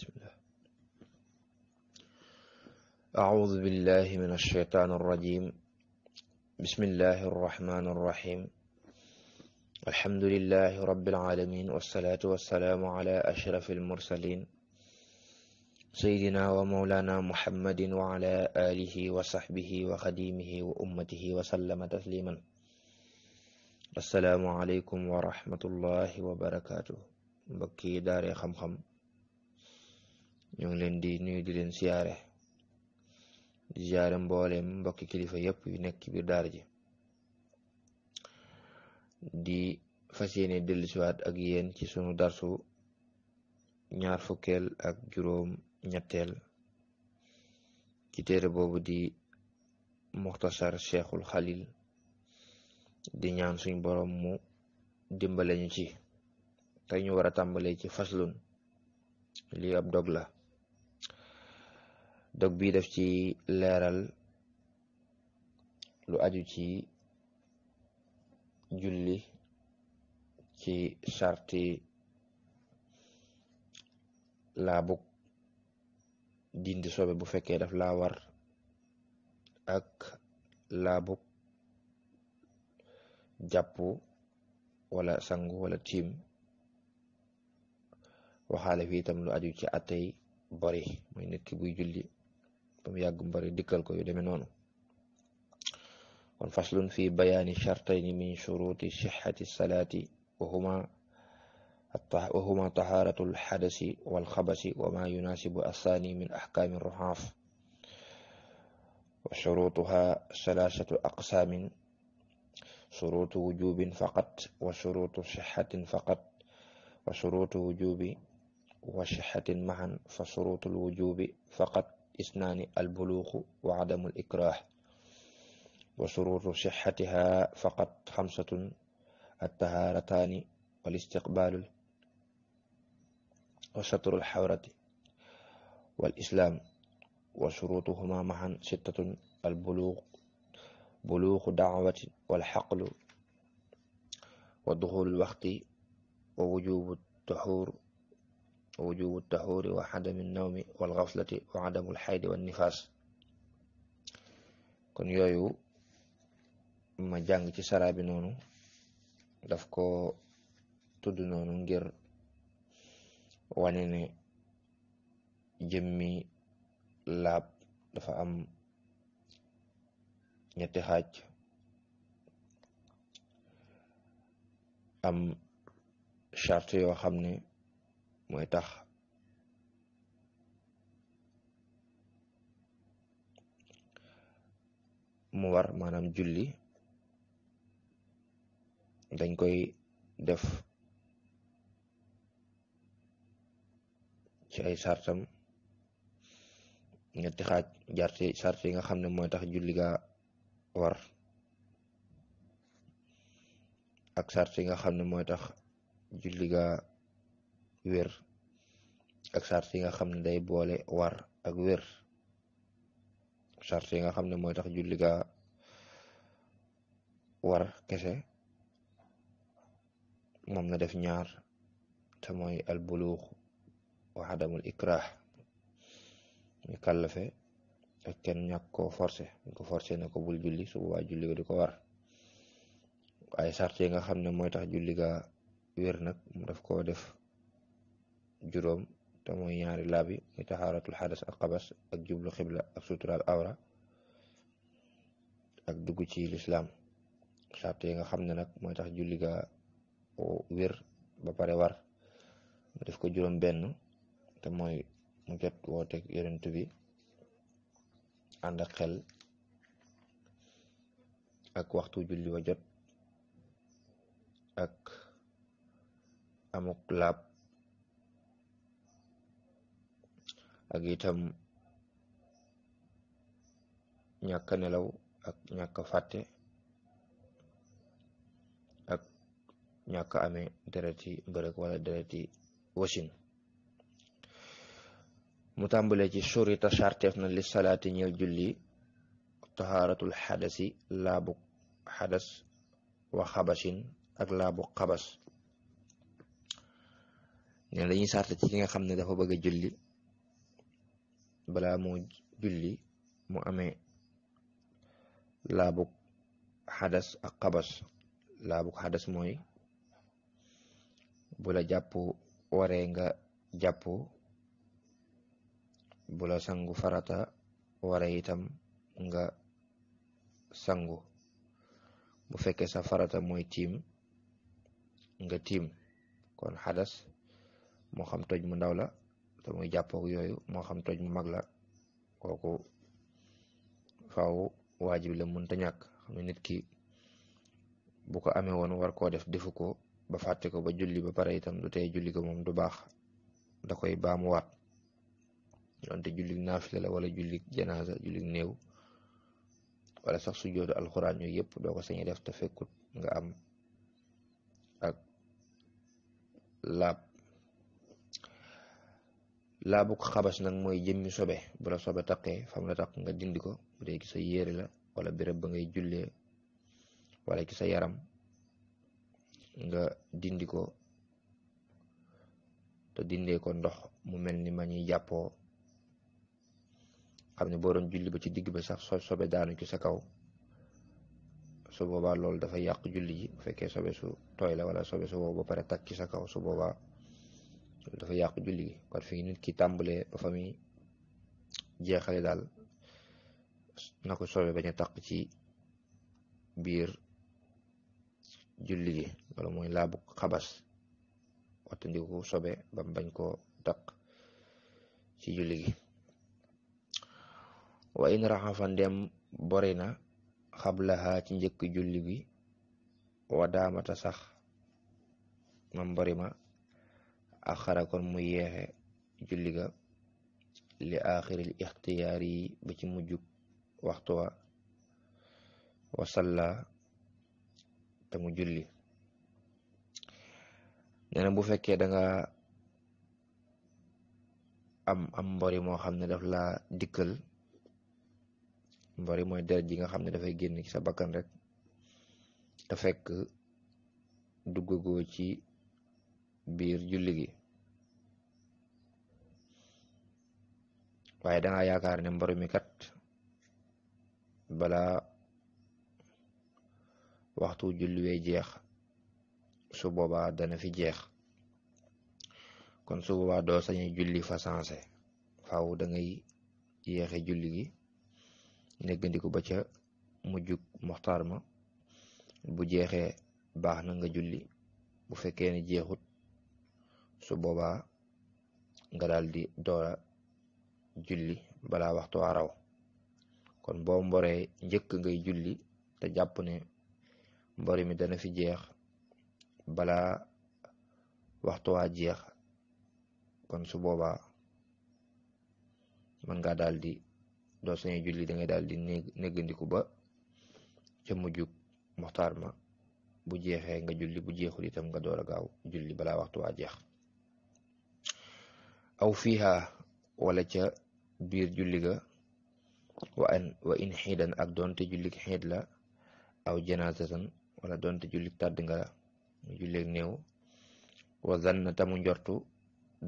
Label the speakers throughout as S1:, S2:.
S1: بسم الله أعوذ بالله من الشيطان الرجيم بسم الله الرحمن الرحيم الحمد لله رب العالمين والصلاة والسلام على أشرف المرسلين سيدنا ومولانا محمد وعلى آله وصحبه وخديمه وأمته وسلم تسليما السلام عليكم ورحمة الله وبركاته mbokki daare xam-xam ñu ngi leen di nuyu di leen siyaare di siyaare mbooleem mbokki kilifa yëpp yu nekk ci biir daara ji di fas yéene dellusiwaat ak yéen ci sunu darsu ñaar fukkeel ak juróom ñetteel ci téere boobu di muxtasar cheikhul xalil di ñaan suñ boroom mu dimbale ñu ci te ñu war a tàmbalee ci faslun lii ab dog la dog bii daf ci leeral lu aju ci julli ci sarti laabug dindi sobe bu fekkee daf laa war ak laabug jàppu wala sangu wala tiim waxaale fi itam lu aju ci atay bori mooy nit ki julli ba mu yàgg mu bari dikkal ko yu demee noonu kon faslun fi bayaani chartayni min shuruti sixati salaati wa huma wa huma tahaaratu alxadasi walxabasi wa ma yunaasibu assaani min axkaami ruxaaf wa shurutuha salaasatu aqsaamin shurutu wujubin faqat wa shurutu sixatin faqat wa shurutu wujubi wa sixatin mahan fa shurutul wujubi faqat isnaani albuluuxu wa adamul ikrah wa sururu sixatiha faqat xamsatun altahaarataani walistiqbaalu wa satru alxawrati walislaam wa surutuhuma maxan sittatun albuluux buluuxu dacwati walxaqlu wa duxulu lwaxti wa wujubu taxuur wa wujubu wa adami nawmi wal xaflati wa adamul xaydi wa nifaas kon yooyu ma jàng ci saraa bi noonu daf ko tudd noonu ngir wane ne jëmmi laab dafa am ñetti xaaj am charte yoo mooy tax mu war maanaam julli dañ koy def ci ay sartam ñetti xaaj jarti sart yi nga xam ne mooy tax julli ga war ak sart yi nga xam ne mooy tax julli ga wér ak charte yi nga xam ne day boole war ak wér charte yi nga xam ne mooy tax julli ga war kese moom na def ñaar te mooy al waxa wa adamul ikrah ñu kàllafe ak kenn ñàkk ko forcé ñu ko forcé ne ko bul julli su boobaa julli ga di ko war waaye sart yi nga xam ne mooy tax julli ga wér nag mu def koo def juróom te mooy ñaari laab yi muy taxaaratul xadas ak xabas ak jublu xibla ak suturaal awra ak dugg ci lislaam sart yi nga xam ne nag mooy tax julli ga wér ba pare war mu def ko juróom benn te mooy mu jot wooteeg yonent bi ànd ak xel ak waxtu julli wa jot ak amuk laab ak itam ñàkk nelaw ak ñàkk fàtte ak ñàkk ame dereti mbërëk wala dereti wasin mu tàmbale ci surita sarteef na li salaati ñeel julli tahaaratul xadasi laabu xadas wa xabasin ak laabu xabas ne dañuy sarte ci ki nga xam ne dafa bëgg a julli balaa moo julli mu ame laabug xades ak xabas laabug xadas mooy bu la jàpp nga jàpp bu sangu farata ware itam nga sangu bu fekkee sa farata mooy tiim nga tiim kon xadas moo xam toj mu ndaw la te muy jàppoog yooyu moo xam toj mu mag la kooku faaw waajib la mënta ñàkk xam ne nit ki bu ko amee woon war koo def defu ko ba fàtte ko ba julli ba pare itam du tey julli ko moom du baax da koy baamuwaat donte julli naafila la wala julli janaasa julli néew wala sax su joodu alxuraan yooyu yëpp doo ko sañu def te fekkut nga am ak laab laa bu ko xabas nag mooy jëmmi sobe bu la sobe taqee fam la taq nga dindi ko bu dee ci sa yére la wala béréb ba ngay jullee wala ci sa yaram nga dindi ko te dindee ko ndox mu mel ni ma ñuy jàppoo xam ne boo doon julli ba ci digg ba sax so sobe daanu ci sa kaw su boobaa loolu dafa yàq julli ji bu fekkee sobe su tooy la wala sobe su wow ba pare ci sa kaw su boobaa loolu dafa yàqu julli gi kon fi nit ki tàmbalee ba fa muy jeexale daal na ko soobee bañ a taq ci biir julli gi xabas wattandiku sobe bam koo taq ci julli gi wa in raxafa ndem bori na xablaha ci njëkk julli gi wa daamata sax mam bori axara kon mu yeexe julli ga li axiril ixtiyaar yi ba ci mujjug waxtu wa wasalla te mu julli nee bu fekkee danga nga am am mbori moo xam ne daf laa dikkal mbori mooy deret ji nga xam ne dafay génn ci sa bakkan rek te fekk duggagoo ci biir julli gi waaye da nga yaakaar ne mbor mi kat bala waxtu julliwee jeex su boobaa dana fi jeex kon su boobaa doo sañu julli fa sansé faaw da ngay yéexe julli gi neggandiku ba ca mujjug moxtaar ma bu jeexee baax na nga julli bu fekkee ne jeexut su boobaa nga daal di doora julli balaa waxtu waa raw kon boo mboree njëkk ngay julli te jàpp ne mbori mi dana fi jeex bala waxtu waa jeex kon su boobaa mën ngaa daal di doo julli da ngay daal di néggandiku ba ca mujjug muxtaar ma bu jeexee nga julli bu jeexul itam nga door a gaaw julli balaa waxtu waa jeex aw fiiha wala ca biir julli ga wa an wa in xiidan ak doonte jullik xiid la aw janaazatan wala doonte jullik tàdd néew wa zanna tamu njortu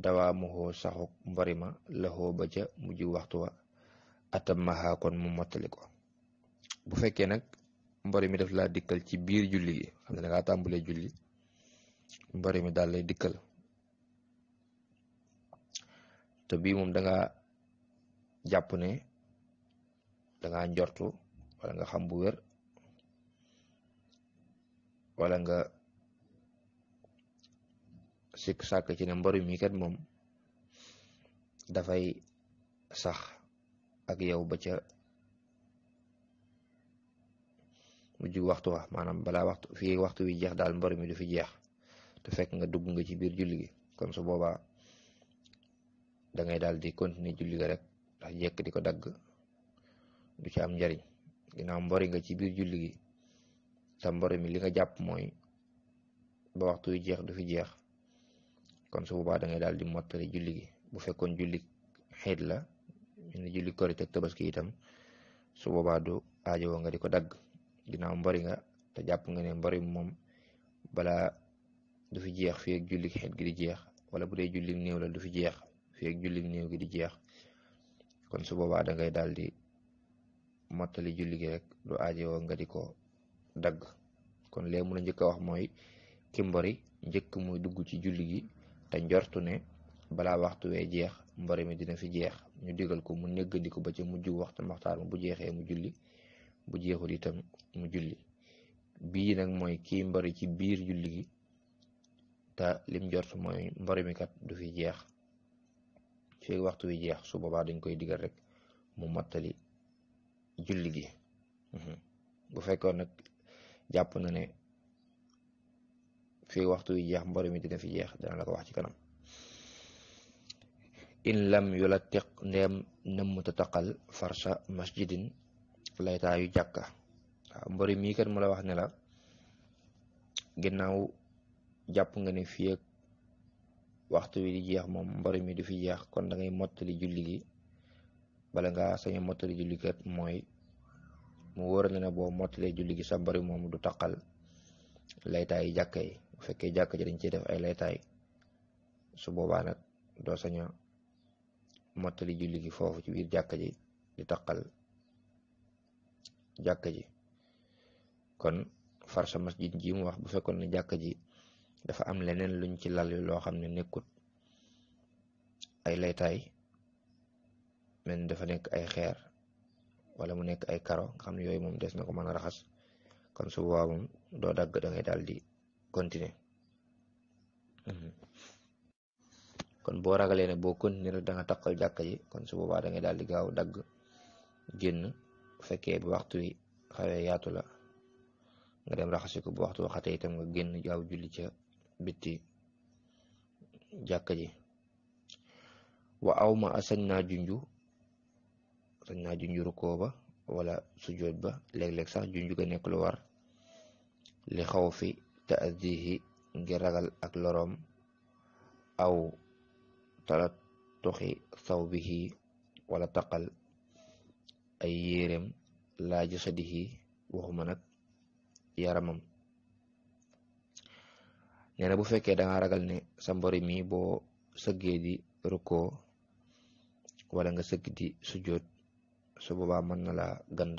S1: dawaa muxoo saxuk mbarima laxoo ba ca mujj waxtu wa atam maxaa kon mu mottali ko bu fekkee nag mbari mi daf laa dikkal ci biir julli gi xam ne da ngaa julli mbari mi daal lay dikkal te bii moom danga nga jàpp ne da nga njortu wala nga xam bu wér wala nga sikk sàkk ci ne mbaru mi moom dafay sax ak yow ba ca mujj waxtu wa maanaam balaa waxtu fii waxtu wi jeex daal mbaru mi du fi jeex te fekk nga dugg nga ci biir julli gi kon su boobaa da ngay daal di continuer julli ga rek ndax jekk di ko dagg du ci am njariñ ginnaaw mbori nga ci biir julli gi ta mbori mi li nga jàpp mooy ba waxtu yu jeex du fi jeex kon su dangay daal di mottali julli gi bu fekkoon julli xeet la ñu ne julli korite ak itam su boobaa du aajowoo nga di ko dagg ginnaaw mbori nga te jàpp nga ne mbori moom balaa du fi jeex fii ak julli xeet gi di jeex wala bu dee julli néew la du fi jeex feeg jullig néew gi di jeex kon su boobaa da daal di mottali julli gi rek du aajowoo nga di ko dagg kon lee mun a njëkk a wax mooy kimbori njëkk muy dugg ci julli gi te njortu ne balaa waxtu wee jeex mbori mi dina fi jeex ñu digal ko mu néggandiku ba ca mujj waxtu waxtaan bu jeexee mu julli bu jeexul mooy kii mbori ci biir julli gi te lim njort mooy mbori mi kat du fi jeex feeg waxtu wi jeex su boobaa dañ koy digal rek mu mottali julli gi mhm. bu fekkoon nag jàpp na ne feeg waxtu wi jeex mboro mi dina fi jeex dana la ko wax ci kanam in lam yulatiq ndeem nammuta taqal farsha masjidin yu jàkka waaw mbori mii kat mu la wax ne la ginnaaw jàpp nga ne fii waxtu wi di jeex moom mbari mi du fi jeex kon dangay ngay mottali julli gi bala ngaa sañ mottali julli kat mooy mu wóor na ne boo mottalee julli gi sax bari moom du taqal laytaay yi jàkka yi bu fekkee jàkka ji dañ ciy def ay laytaay su boobaa nag doo sañ a mottali foofu ci biir jàkka ji di taqal jàkka ji kon far sa masjid mu wax bu fekkoon ne jàkka ji dafa am leneen luñ ci lal loo xam ne nekkut ay laytaay mel ni dafa nekk ay xeer wala mu nekk ay karo nga xam ne yooyu moom des na ko mën a raxas kon su boobaa moom doo dagg da ngay daal di continuer mhm. kon boo ragalee ne boo continuer rek da nga takkal jàkka ji kon su boobaa danga ngay daal di gaaw dagg génn bu fekkee bu waxtu wi xawee yaatu la nga dem raxasi ko bu waxtu waxatee itam nga génn gaaw julli ca bitti jàkka ji wa aw ma sañ naa junju sañ wala sujjoot ba léeg-léeg sax junju ga nekk lu war li xaw fi taadihi ngir ragal ak loroom aw tala saw bihi wala taqal ay yéeréem laa jasadihi waxuma nag yaramam nee bu fekkee da ragal ne sa mbori mi boo sëggee di rukkoo wala nga sëgg di sujjoot su boobaa mën na laa gand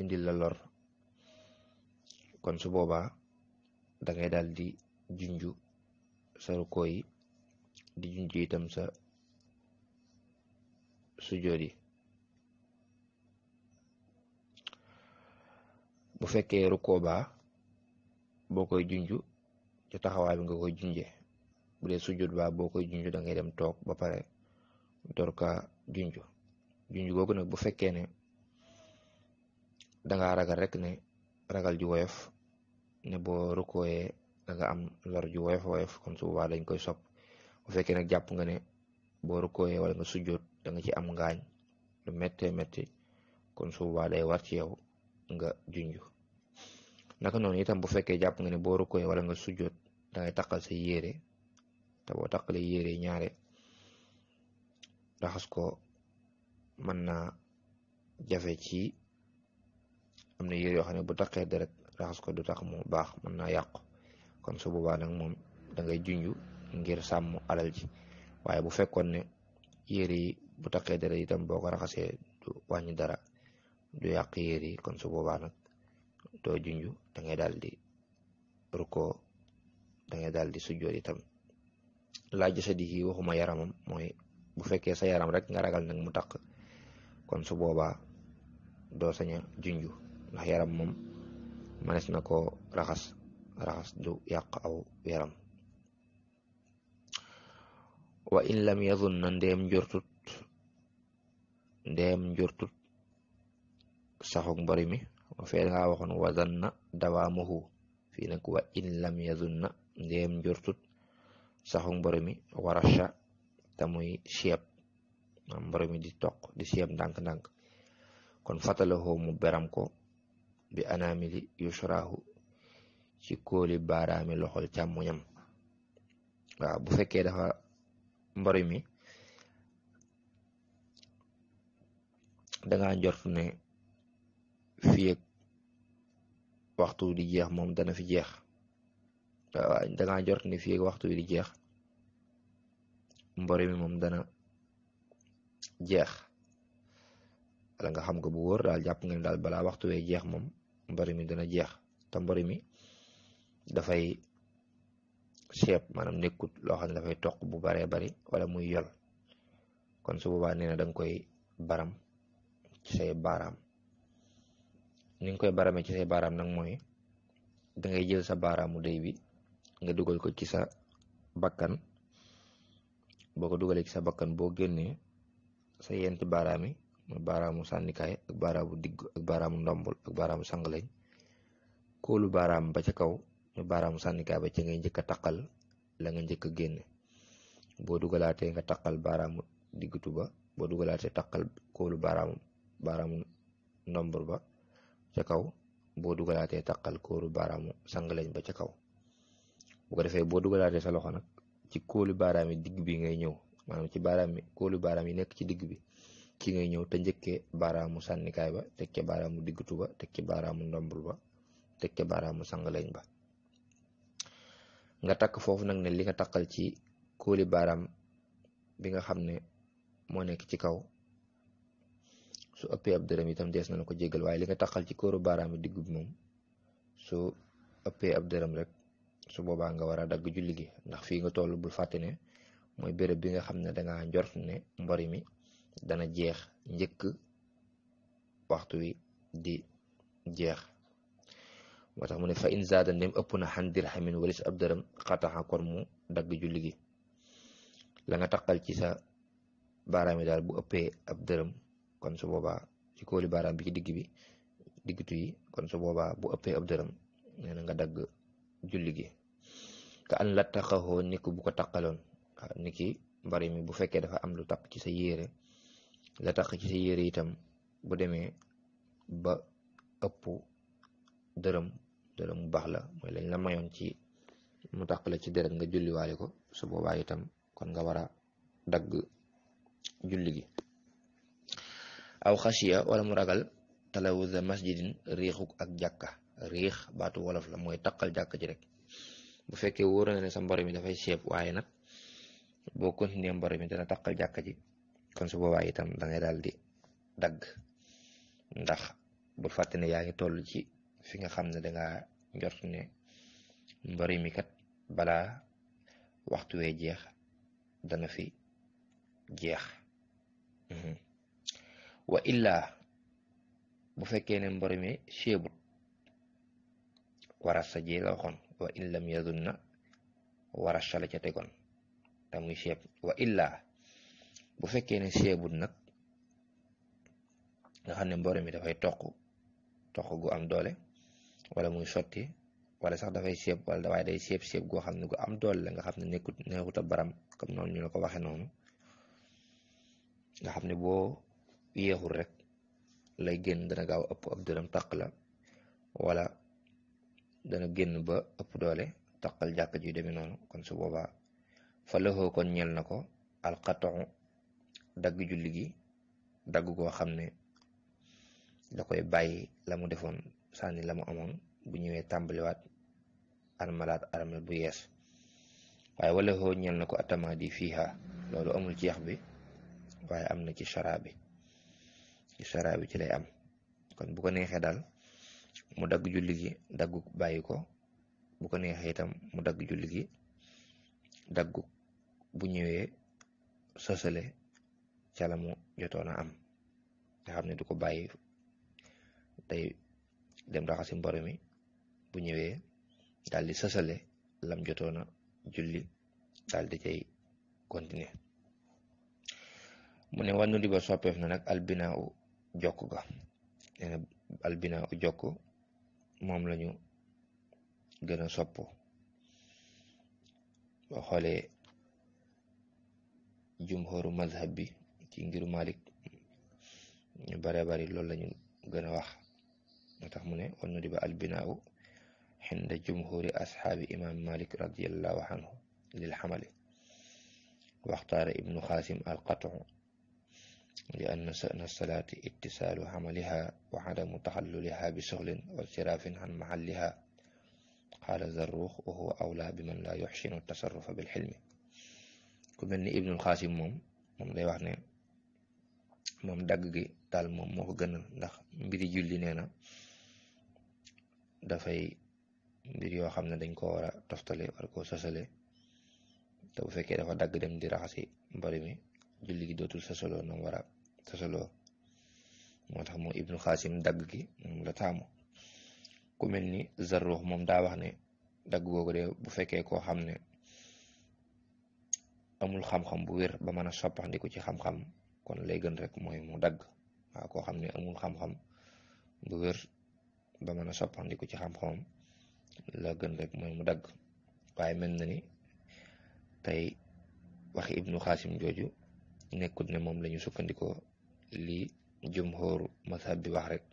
S1: indi la lor kon su boobaa da ngay daal di junju sa rukkoo yi di junju itam sa sujjoot yi bu fekkee rukkoo baa boo koy junj ci taxawaay bi nga koy junje bu sujud ba boo koy junj da ngay dem toog ba pare door ka junj junj googu nag bu fekkee ne danga ragal rek ne ragal ju woyof ne boo rukkooyee da am lor ju woyof woyof kon su boobaa koy sopp bu fekkee nag jàpp nga ne boo rukkooyee wala nga sujjoot da nga ci am ngaañ lu méttee métti kon su boobaa war ci yow nga junj naka noonu itam bu fekkee jàpp nga ne boo rukkooyee wala nga sujjoot dangay taqal sa yére te boo taqalee yére ñaare raxas ko man naa jafe ci am na yére yoo xam ne bu taqee deret raxas ko du tax mu baax man naa yàqu kon su moom da ngay junju ngir sàmm alal ji waaye bu fekkoon ne yére yi bu taqee deret itam boo ko raxasee du wàññi dara du yàq yére yi kon su doo junju da ngay daal di rukoo da ngay daal di sujjoot itam laa jasadihi waxuma yaramam mooy bu fekkee sa yaram rek nga ragal nag mu taq kon su boobaa doo junju ndax yaram moom manes na koo raxas raxas du yàq aw yaram wa in lam yazun na ndeem njortut ndeem njortut saxuk mbori mi feel nga waxoon wazanna dawaamuhu fii nag wa in lam yazunna ndéem njortut saxu mboromi warasha te muy ceeb mboromi di toq di ceeb ndànk-ndànk kon fatalahoo mu beram ko bi anamili yushrahu ci kóoli baaraami loxol càmmoñam waaw bu fekkee dafa mboromi danga njort fii ak waxtu di jeex moom dana fi jeex waaw dangaa jort ni fii waxtu di jeex mbore mi moom dana jeex wala nga xam ko bu wóor daal jàpp nga ne daal balaa waxtu wee jeex moom mbore mi dana jeex te mbore mi dafay ceeb maanaam nekkut loo xam ne dafay toq bu baree bari wala muy yol kon su boobaa nee na da koy baram say baaraam ni nga koy baramee ci say baaraam nag mooy da ngay jël sa baaraamu day bi nga dugal ko ci sa bakkan boo ko dugalee ci sa bakkan boo génnee sa yenti baaraam yi mooy baaraamu sànnikaay ak baaraamu digg ak baaraamu ndombul ak baaraamu sangaleñ koolu baaraam ba ca kaw ñu baaraamu sànnikaay ba ci ngay njëkk a taqal la nga njëkk a génne boo dugalaatee nga taqal baaraamu diggutu ba boo dugalaatee taqal kóolu baaraamu baaraamu ndombur ba ca kaw boo dugalaatee taqal kóolu baaraamu sangaleñ ba ca kaw bu defee boo dugalaatee sa loxo nag ci kóolu baaraam yi digg bi ngay ñëw maanaam ci baaraam yi kóolu baaraam yi nekk ci digg bi ki ngay ñëw te njëkkee baaraamu sànnikaay ba teg ca baaraamu diggutu ba teg ca baaraamu ndombul ba teg ca baaraamu sangaleñ ba nga takk foofu nag ne li nga taqal ci kóoli baaraam bi nga xam ne moo nekk ci kaw su ëppee ab dërëm tam dees nañ ko jégal waaye li nga taxal ci kóoru baaraami diggu bi moom su ëppee ab dërëm rek su boobaa nga war a dagg julli ndax fii nga toll bul fàtte ne mooy bërëb bi nga xam ne dangaa njort ne mbori mi dana jeex njëkk waxtu wi di jeex moo tax mu ne fa in zaada ndem ëpp na xan dirhamin walis ab dërëm xataxa kon mu dagg julli gi la nga ci sa baaraami daal bu ëpp ab dërëm kon su boobaa ci kóoli baaraam bi ci digg bi diggitu yi kon su boobaa bu ëppee ab dërëm nee na nga dagg julli gi ka an la taxaxoo ni ku bu ko taqaloon waaw ki mbari mi bu fekkee dafa am lu taq ci sa yére la taq ci sa yére itam bu demee ba ëpp dërëm dërëm mu baax la mooy lañ la mayoon ci mu taq la ci dërëm nga julliwaale ko su boobaa itam kon nga war a dagg julli gi aw xasiya wala mu ragal talawuza masjidin riixuk ak jàkka riix baatu wolof la mooy taqal jàkka ji rek bu fekkee wóor ne sa mboro mi dafay seeb waaye nag boo continuer mboro mi dana taqal jàkka ji kon su boobaa itam da ngay daal di dagg ndax bu fàtte ne yaa ngi toll ci fi nga xam ne danga njort ne mbari mi kat balaa waxtu we jeex dana fi jeex mhm. wa illaa bu fekkee ne mbor mi ceebut warasa ji la waxoon wa in lam yazunna warasa la ca tegoon te muy ceeb wa illaa bu fekkee ne ceebut nag nga xam ne mbor mi dafay toq toq gu am doole wala muy sotti wala sax dafay ceeb wala waaye day ceeb ceeb goo xam ne gu am doole la nga xam ne nekkut neexut a baram comme noonu ñu la ko waxee noonu nga xam ne boo yeexul rek lay génn dana gaaw ëpp ab la wala dana génn ba ëpp doole taqal jàkk ji demee noonu kon su boobaa fa laxoo kon ñel na ko alxaton dagg julli gi dagg koo xam ne da koy bàyyi lamu defoon sànni la mu amoon bu ñëwee tàmbaliwaat armalaat armal bu yees waaye wala xoo ñel na ko atama di fiiha loolu amul ci yax bi waaye am na ci chara bi ci sara bi ci lay am kon bu ko neexee daal mu dagg julli gi daggu bàyyi ko bu neexee itam mu dagg julli gi daggu bu ñëwee sosale ca la a am nga xam ne du ko bàyyi day dem raxasi mboro mi bu ñëwee daal di sosale lam jotoon a julli daal di cay continuer mu ne wànnu di ba soppeef na nag jokk ga nee eh, albina u jokk moom lañu gën a sopp boo xoolee jumhooru mazhab bi ci ngiru malik ñu bare bari loolu lañu gën a wax moo tax mu ne wan nu di ba albinaaw xinda jumhuri asxaabi imam malik radiallahu anhu lil xamali waxtaara ibnu xaasim alqatu li anna sa'na salaati ittisaalu xamaliha wa adamu taxalluliha bi soxlin wa siraafin an mahalliha qaala zarruux wa huwa awlaa bi man laa yuxsinu tasarrufa bil xilmi ku mel ni ibnul xaasim moom moom day wax ne moom dagg daal moom moo ko gënal ndax mbiri julli nee na dafay mbir yoo xam ne dañ ko war a toftale war koo sosale te bu fekkee dafa dagg dem di raxasi mbari mi julli gi dootul sasaloo no war a moo tax moom ibnu xaasim dagg gi moom la taamu ku mel ni zarruux moom daa wax ne dagg googu de bu fekkee koo xam ne amul xam-xam bu wér ba mën a soppaxndiku ci xam-xam lay gën mooy mu dagg koo xam ne amul xam-xam bu wér ba a soppaxndiku ci xam-xamam la gën rek mooy mu dagg waaye mel na ni tey waxi ibnu xaasim jooju nekkut ne moom lañu sukkandikoo li jumhooru mazhab bi wax rek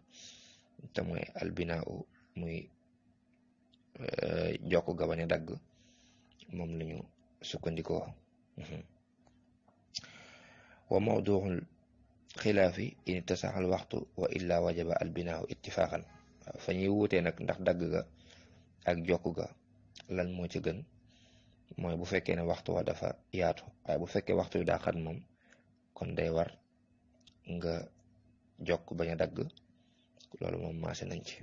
S1: te mooy albinau muy euh, jokk gabañ a dagg moom lañu sukkandikoo mhm. wa mawduul xilaafi in tasaxal waxtu wa illa wajaba albinaahu ittifaaxan fa ñuy wuutee nag ndax dagg ga ak jokk ga lan moo ci gën mooy bu fekkee ne waxtu wa dafa yaatu waaye bu fekkee waxtu yu daa moom kon day war nga jokk bañ a dagg loolu moom maase nañ ci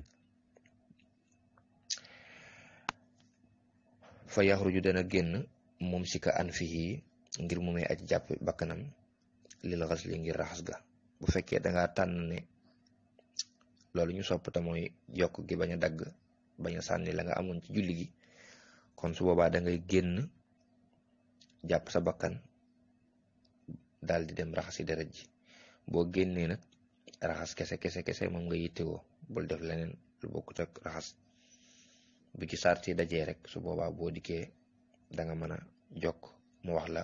S1: fa yaxruju dana génn moom si ka an fii ngir mu may aj jàpp bakkanam lil xas li ngir raxas ga bu fekkee danga tànn ne loolu ñu sopp te mooy jokk gi bañ a dagg bañ a sànni la nga amoon ci julli gi kon su boobaa da génn jàpp sa bakkan daal di dem raxasi deret ji boo génnee nag raxas kese kese kese moom nga yittewoo bul def leneen lu bokkut ak raxas bu ci sart yi dajee rek su boobaa boo dikkee da mën a jokk mu wax la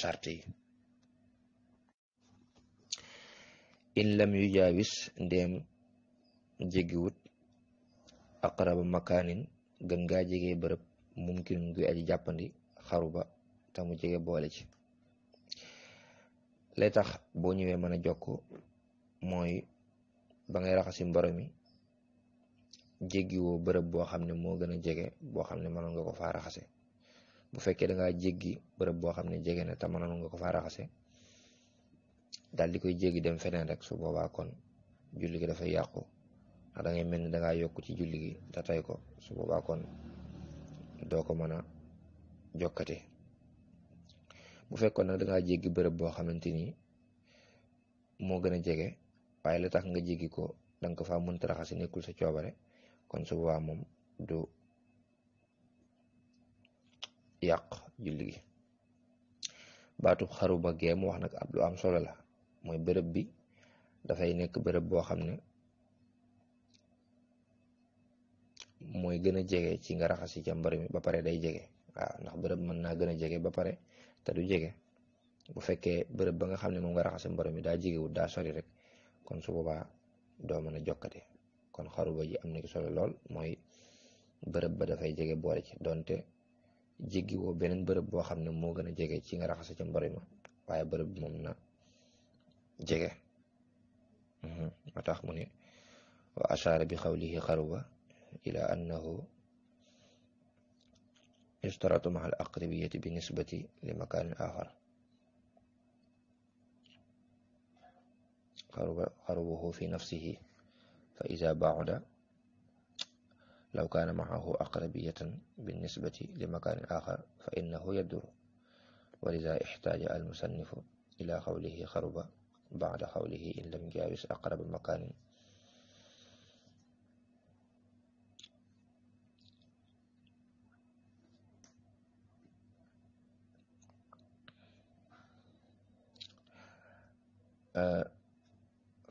S1: sart yi in lam yu jaawis ndeem jéggiwut aqraba makaanin gën ngaa jege bërëb mumkin guy aji jàppandi xaruba tamu jege boole ci lay tax boo ñëwee mën a jokk mooy ba ngay raxasi mboro mi jéggiwoo bërëb boo xam ne moo gën a jege boo xam ne mënoon nga ko faa raxase bu fekkee da ngaa jéggi bërëb boo xam ne jege na te mënoon nga ko faa raxase daal di koy jéggi dem feneen rek su boobaa kon julli gi dafay yàqu ndax da ngay mel ni da yokk ci julli gi te tey ko su boobaa kon doo ko mën a jokkate bu fekkoon nag dangaa jéggi bërëb boo xamante ni moo gën a jege waaye la tax nga jéggi ko danga ko faa mënta raxasi nekkul sa coobare kon su boobaa moom du yàq julli gi baatu xaruba gee mu wax nag ab lu am solo la mooy bërëb bi dafay nekk bërëb boo xam ne mooy gën a jege ci nga raxasi ca mbër mi ba pare day jege waaw ndax bërëb mën naa gën a jege ba pare te du jege bu fekkee bërëb ba nga xam ne moom nga raxase mborom mi daa jegewul daa soli rek kon su boobaa doo mën a jokkate kon xaruba ji am na ci solo lool mooy bërëb ba dafay jege boole ci donte jéggi beneen bërëb boo xam ne moo gën a jege ci nga raxase ca mborom ma waaye bërëb moom na jege mhm. moo tax mu ne wa ashaara bi xawlihi xaruba ila annahu يشترط مع الأقربية بالنسبة لمكان آخر قربه في نفسه فإذا بعد لو كان معه أقربية بالنسبة لمكان آخر فإنه يدور ولذا احتاج المصنف إلى قوله خرب بعد قوله إن لم يجاوز أقرب مكان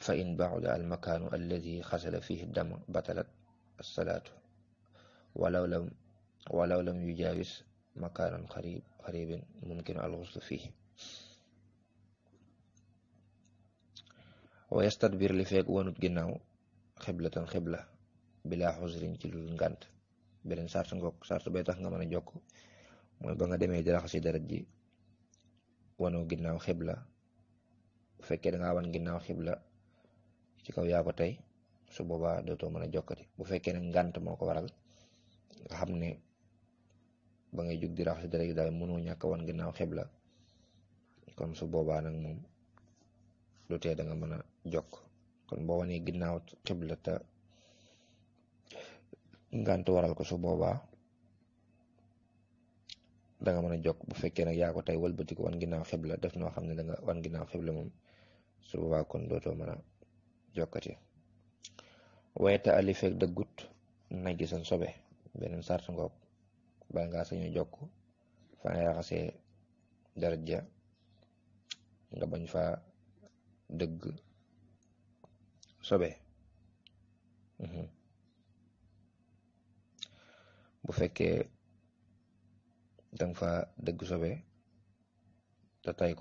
S1: fa in ba'uda al makaanu alladi xasala fihi dam batalat as-salaatu walaw lam walaw lam yujaawis makaanan xarib mumkin al-xuslu fihi wa yastadbir li feeg wanut ginnaaw xiblatan xibla bilaa xusrin ci lu ngànt beneen sart ngoog sart bay tax nga mën a jokk mooy ba nga demee di raxasi deret ji wanoo ginnaaw xibla bu fekkee da wan ginnaaw xibla ci kaw yaa ko tey su boobaa dootoo mën a jokkati bu fekkee ne ngant moo ko waral nga xam ne ba ngay jug di raxas dara gi daal ñàkk wan ginnaaw xibla kon su boobaa nag moom da nga mën a jokk kon boo wanee ginnaaw xibla te ngànt waral ko su boobaa da nga mën a jokk bu fekkee na yaa ko tey wëlbati ko wan ginnaaw xibla def noo xam ne da nga wan ginnaaw xibla moom su boobaa kon dootoo mën a jokkati wayta ali feeg dëggut najji san sobe beneen sart ngoog bala ngaa sañu jokk fa ngay raxasee daraja nga bañ fa dëgg sobe mhm. bu fekkee danga fa dëgg sobe te tay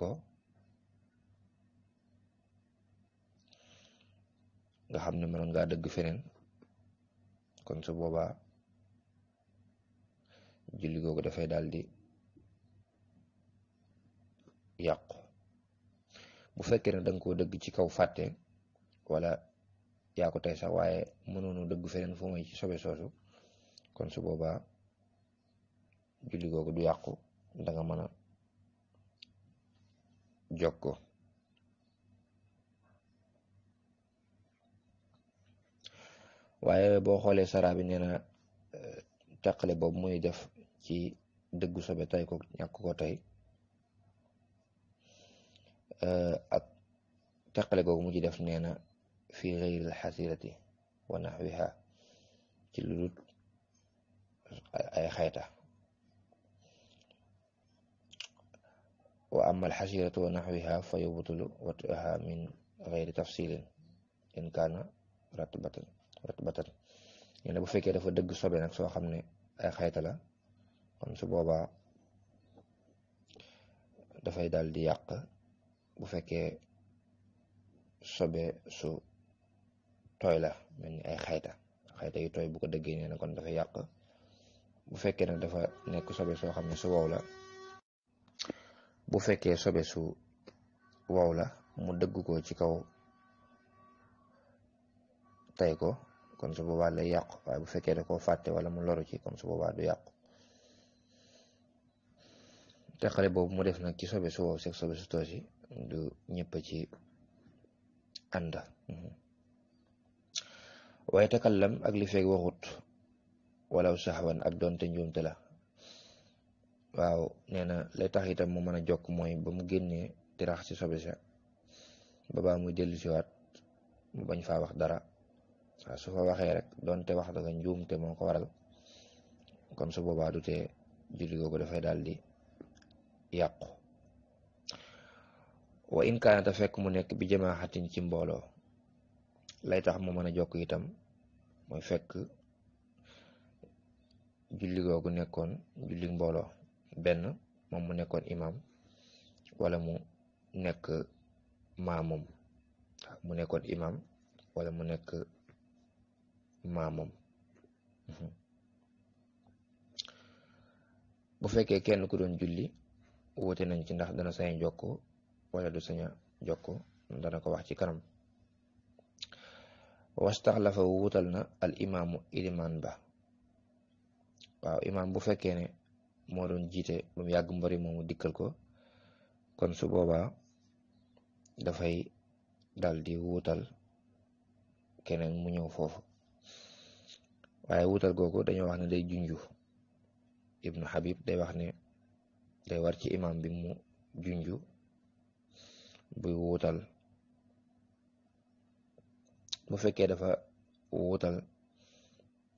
S1: nga xam ne mënoon ngaa dëgg feneen kon su boobaa julli googu dafay daal di yàqu bu fekkee ne danga ko dëgg ci kaw fàtte wala yaa ko tey sax waaye mënoonu dëgg feneen fu muy ci sobe kon su boobaa julli googu du yàqu danga nga mën a jog ko waaye boo xoolee sara bi nee na euh, boobu muy def ci dëggu sobe tay ko ñàkk ko tey euh, ak teqale mu ci def nee na fi xeyril xasirati wa naxwiha xayta wa ama alxasiratu wa naxwiha fa yubtulu watuha min xeyri tafsilin in kaana ratbatan ratbatan ñu ne bu fekkee dafa dëgg sobe nag soo xam ne ay xayta la kon su boobaa dafay dal di yàq bu fekkee sobe su tooy la mel ni ay xayta xayta yu tooy bu ko dëggee nee na kon dafay yàq bu fekkee nag dafa nekk sobe soo xam ne su wow la bu fekkee sobe su wow la mu dëgg ko ci kaw tay ko kon su boobaa lay yàqu waaye bu fekkee da koo fàtte wala mu loru ci kon su boobaa du yàqu teqale boobu mu def nag ci sobe su wow seg sobe su toos yi du ñëpp ak li feeg waxut walaw saxwan ak doonte njuumte la waaw nee na lay tax itam mu mën a jokk mooy ba mu génnee di rax ci sobe sa ba baa muy dellu siwaat mu bañ faa wax dara waaw su waxee rek donte wax daga njuumte moo ko waral kon su boobaa julli googu dafay daal di yàqu wa in kaanata fekk mu nekk bi jamaaxatin ci mbooloo lay tax mu mën a jokk itam mooy fekk julli googu nekkoon julli mbooloo benn moom mu nekkoon imam wala mu nekk maamum nekkoon imam maamam mhm. bu fekkee kenn ku doon julli woote nañ ci ndax dana sañ jokko wala du sañ a jokko dana ko wax ci kanam wastaxlafa wuutal na al imaamu ilimaan ba waaw imaam bu fekkee ne moo doon jiite ba mu yàgg mbari moomu dikkal ko kon su boobaa dafay dal di wuutal keneen mu ñëw foofu waaye wutal googu dañoo wax ne day junju ibnu Habib day wax ne day war ci imam bi mu junju buy wutal bu fekkee dafa wutal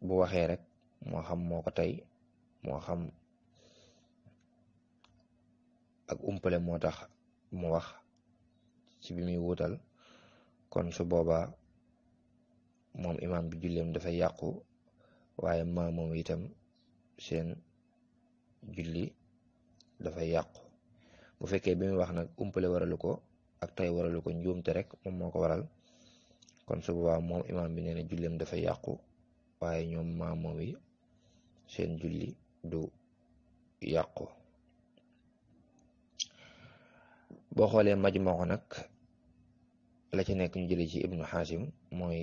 S1: bu waxee rek moo xam moo ko tey moo xam ak umpale moo tax mu wax ci bi wutal kon su boobaa moom imam bi julleem dafay yàqu waaye ma moom itam seen julli dafay yàqu bu fekkee bi wax nag umpale waralu ko ak tay waralu ko njuumte rek moom moo ko waral kon su boobaa moom imaam bi nee na julleem dafa yàqu waaye ñoom maa moom yi seen julli du yàqu boo xoolee majmuu nag la ci nekk ñu jële ci ibnu xaasim mooy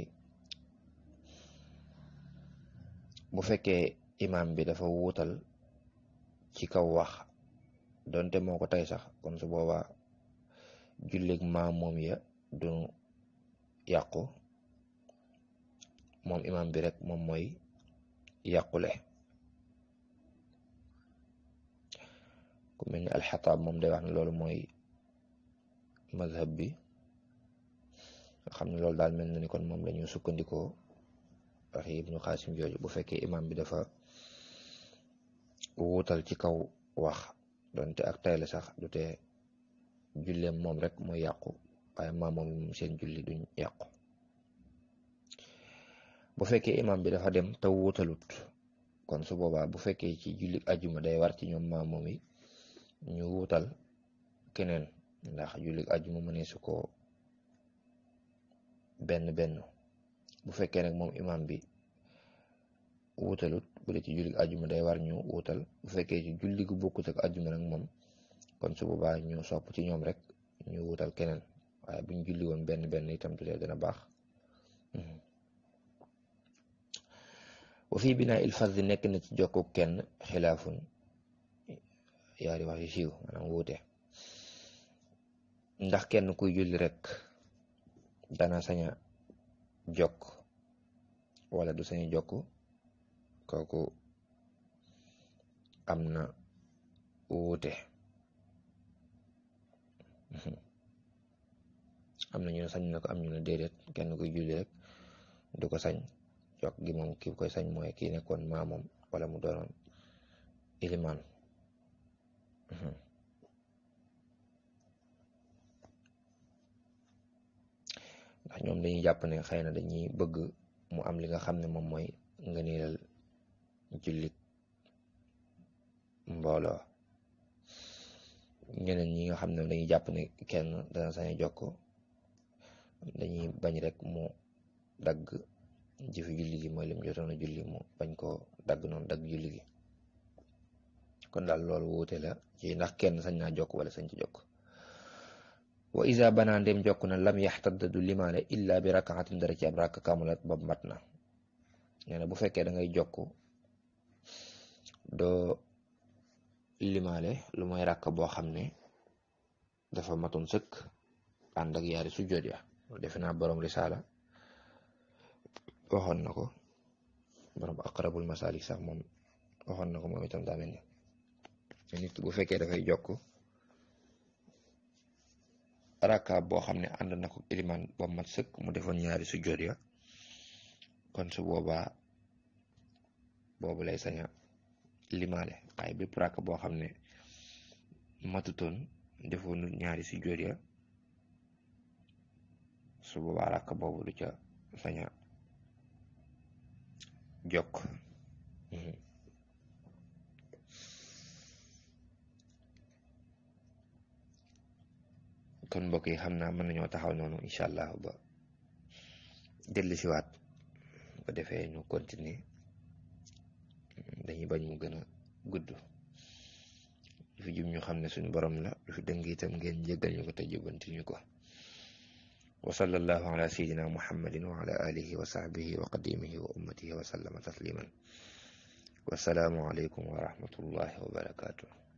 S1: bu fekkee imam bi dafa wuutal ci kaw wax donte moo ko tay sax kon su boobaa julleg maam moom ya du yàqu moom imam bi rek moom mooy yàqule ku mel ni alxataab moom day wax ne loolu mooy mazhab bi nga xam ne loolu daal mel na ni kon moom la sukkandikoo Baxi ibnu Xaasim jooju bu fekkee imam bi dafa wuutal ci kaw wax donte ak tay sax du tee julleem moom rek mooy yàqu waaye maam moom seen julli duñ yàqu bu fekkee imam bi dafa dem te wuutalut kon su boobaa bu fekkee ci julli ajuma day war ci ñoom maam moom ñu wuutal keneen ndax julli ajuma mu ne su benn benn bu fekkee rek moom imam bi wutalut bu dee ci julli ajuma day war ñu wutal bu fekkee ci julli gu bokkut ak ajuma nag moom kon su boobaa ñu sopp ci ñoom rek ñu wutal keneen waaye buñ julli woon benn benn itam du dee dana baax mhm. wa fii il fas di nekk na ci jokku kenn xilaafun yaari wax yu siiw maanaam wuute ndax kenn kuy julli rek dana saña jokk wala du sañu jokk kooku am na wuute mhm. am na ñu ne sañ na ko am ñu ne déedéet kenn koy julli rek du ko sañ jokk gi moom ki koy sañ mooy kii nekkoon maamoom wala mu doonoon ilimaan mhm. ndax ñoom dañuy jàpp ne xëy na dañuy bëgg mu am li nga xam ne moom mooy ngëneelal jullit mbooloo ñeneen ñi nga xam ne dañuy jàpp ne kenn dana sañ a jokk dañuy bañ rek mu dagg jëfi julli gi mooy lim jotoon a julli mu bañ koo dagg noonu dagg julli gi kon daal loolu wuute la ci ndax kenn sañ naa jokk wala sañ ci jokk wa isa banaa ndem jokk na lam yaxtadda du limaale illa bi rakaatin dara ci ab rakk kamulat ba mat na bu fekkee dangay ngay jokk doo limaale lu mooy rakk boo xam ne dafa matoon sëkk ànd ak yaari sujjoot ya defe naa borom risaala waxoon na ko borom aqrabul masalik sax moom waxoon na ko moom itam daa mel nit bu fekkee dafay jokk raka boo xam ne ànd na ko iliman ba mat sëkk mu defoon ñaari sujjóot ya kon su boobaa boobu lay saña limaale waaye bépp raka boo xam ne matutoon defoon ñaari sujjóot ya su boobaa raka boobu du ca saña jokk mhm. kon mbokk yi xam naa mën nañoo taxaw noonu incha allah ba dellu defee ñu continuer dañuy bañ mu gën a gudd lu fi jub xam ne suñu borom la lu fi dëng itam ngeen jéggal ñu ko te jubanti ñu ko wa sallallahu ala sayidina muhammadin wa ala alihi wa sahbihi wa qadimihi wa ummatihi wa sallama tasliman wasalaamu aleykum wa rahmatullahi wa barakatuh